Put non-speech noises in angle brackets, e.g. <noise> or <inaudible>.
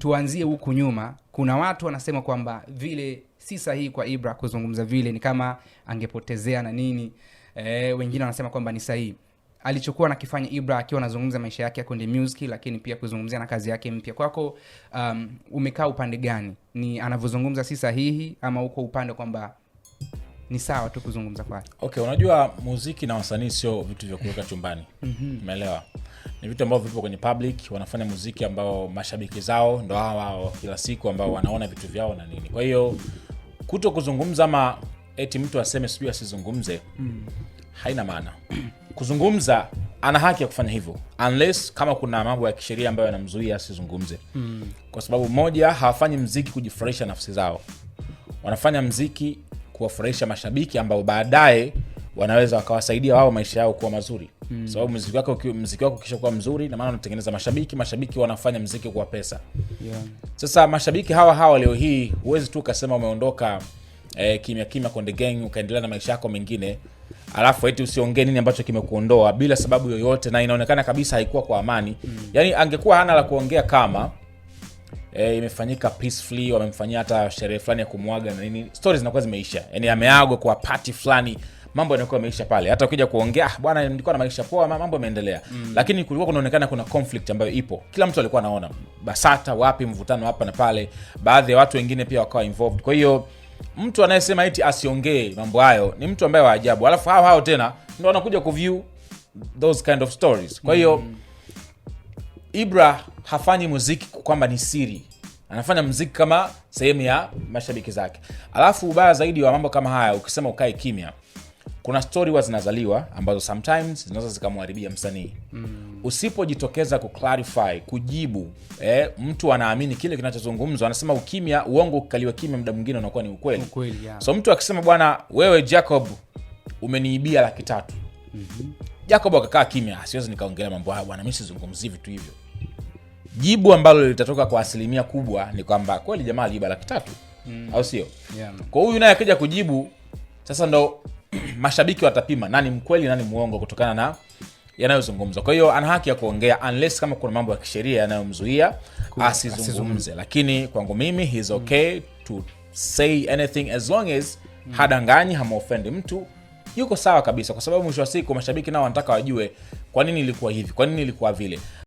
tuanzie huku nyuma. Kuna watu wanasema kwamba vile si sahihi kwa Ibra kuzungumza vile, ni kama angepotezea na nini e, wengine wanasema kwamba ni sahihi alichokuwa nakifanya Ibra akiwa anazungumza maisha yake ya Konde Music, lakini pia kuzungumzia na kazi yake mpya. Kwako um, umekaa upande gani? Ni anavyozungumza si sahihi ama uko upande kwamba ni sawa tu kuzungumza kwake? Okay, unajua muziki na wasanii sio vitu vya kuweka chumbani. Mhm. Umeelewa? mm -hmm ni vitu ambavyo vipo kwenye public, wanafanya muziki ambao mashabiki zao ndo hawa kila siku ambao wanaona vitu vyao na nini. Kwa hiyo kuto kuzungumza ama eti mtu aseme sijui asizungumze mm. haina maana <clears throat> kuzungumza ana haki ya kufanya hivyo unless kama kuna mambo ya kisheria ambayo yanamzuia asizungumze mm. kwa sababu moja, hawafanyi mziki kujifurahisha nafsi zao, wanafanya mziki kuwafurahisha mashabiki ambao baadaye wanaweza wakawasaidia wao maisha yao kuwa mazuri mm. sababu so, muziki wako muziki wako kisha kuwa mzuri, na maana unatengeneza mashabiki, mashabiki wanafanya mziki kuwa pesa yeah. Sasa mashabiki hawa hawa leo hii huwezi tu ukasema umeondoka eh, kimya kimya Konde Gang ukaendelea na maisha yako mengine, alafu eti usiongee nini ambacho kimekuondoa bila sababu yoyote, na inaonekana kabisa haikuwa kwa amani mm. Yani angekuwa hana la kuongea kama E, imefanyika peacefully, wamemfanyia hata sherehe fulani ya kumwaga na nini, stori zinakuwa zimeisha, yani ameagwa kwa pati fulani mambo yanakuwa yameisha pale. Hata ukija kuongea ah, bwana nilikuwa na maisha poa, mambo yameendelea. Mm. Lakini kulikuwa kunaonekana kuna conflict ambayo ipo. Kila mtu alikuwa anaona BASATA wapi mvutano hapa na pale. Baadhi ya watu wengine pia wakawa involved. Kwa hiyo mtu anayesema iti asiongee mambo hayo ni mtu ambaye wa ajabu. Alafu hao hao tena ndo wanakuja kuview those kind of stories. Kwa hiyo mm. Ibra hafanyi muziki kwamba ni siri, anafanya mziki kama sehemu ya mashabiki zake. Alafu ubaya zaidi wa mambo kama haya, ukisema ukae kimya, kuna stori huwa zinazaliwa ambazo sometimes zinaweza zikamwharibia msanii mm. Usipojitokeza kuclarify kujibu, eh, mtu anaamini kile kinachozungumzwa, anasema ukimya, uongo ukikaliwa kimya, muda mwingine unakuwa ni ukweli, ukweli yeah. So mtu akisema bwana, wewe Jacob umeniibia laki tatu mm -hmm. Jacob akakaa kimya, siwezi nikaongelea mambo hayo bwana, mi sizungumzi vitu hivyo. Jibu ambalo litatoka kwa asilimia kubwa ni kwamba kweli jamaa aliiba laki tatu mm. au sio? yeah. Kwa huyu naye akija kujibu sasa ndo mashabiki watapima nani mkweli nani mwongo kutokana na yanayozungumzwa. Kwa hiyo ana haki ya kuongea unless kama kuna mambo ya kisheria yanayomzuia asizungumze, lakini kwangu mimi he is mm. to say anything as long as mm. hadanganyi, hamaofendi mtu, yuko sawa kabisa, kwa sababu mwisho wa siku mashabiki nao wanataka wajue kwa nini ilikuwa hivi, kwa nini ilikuwa vile.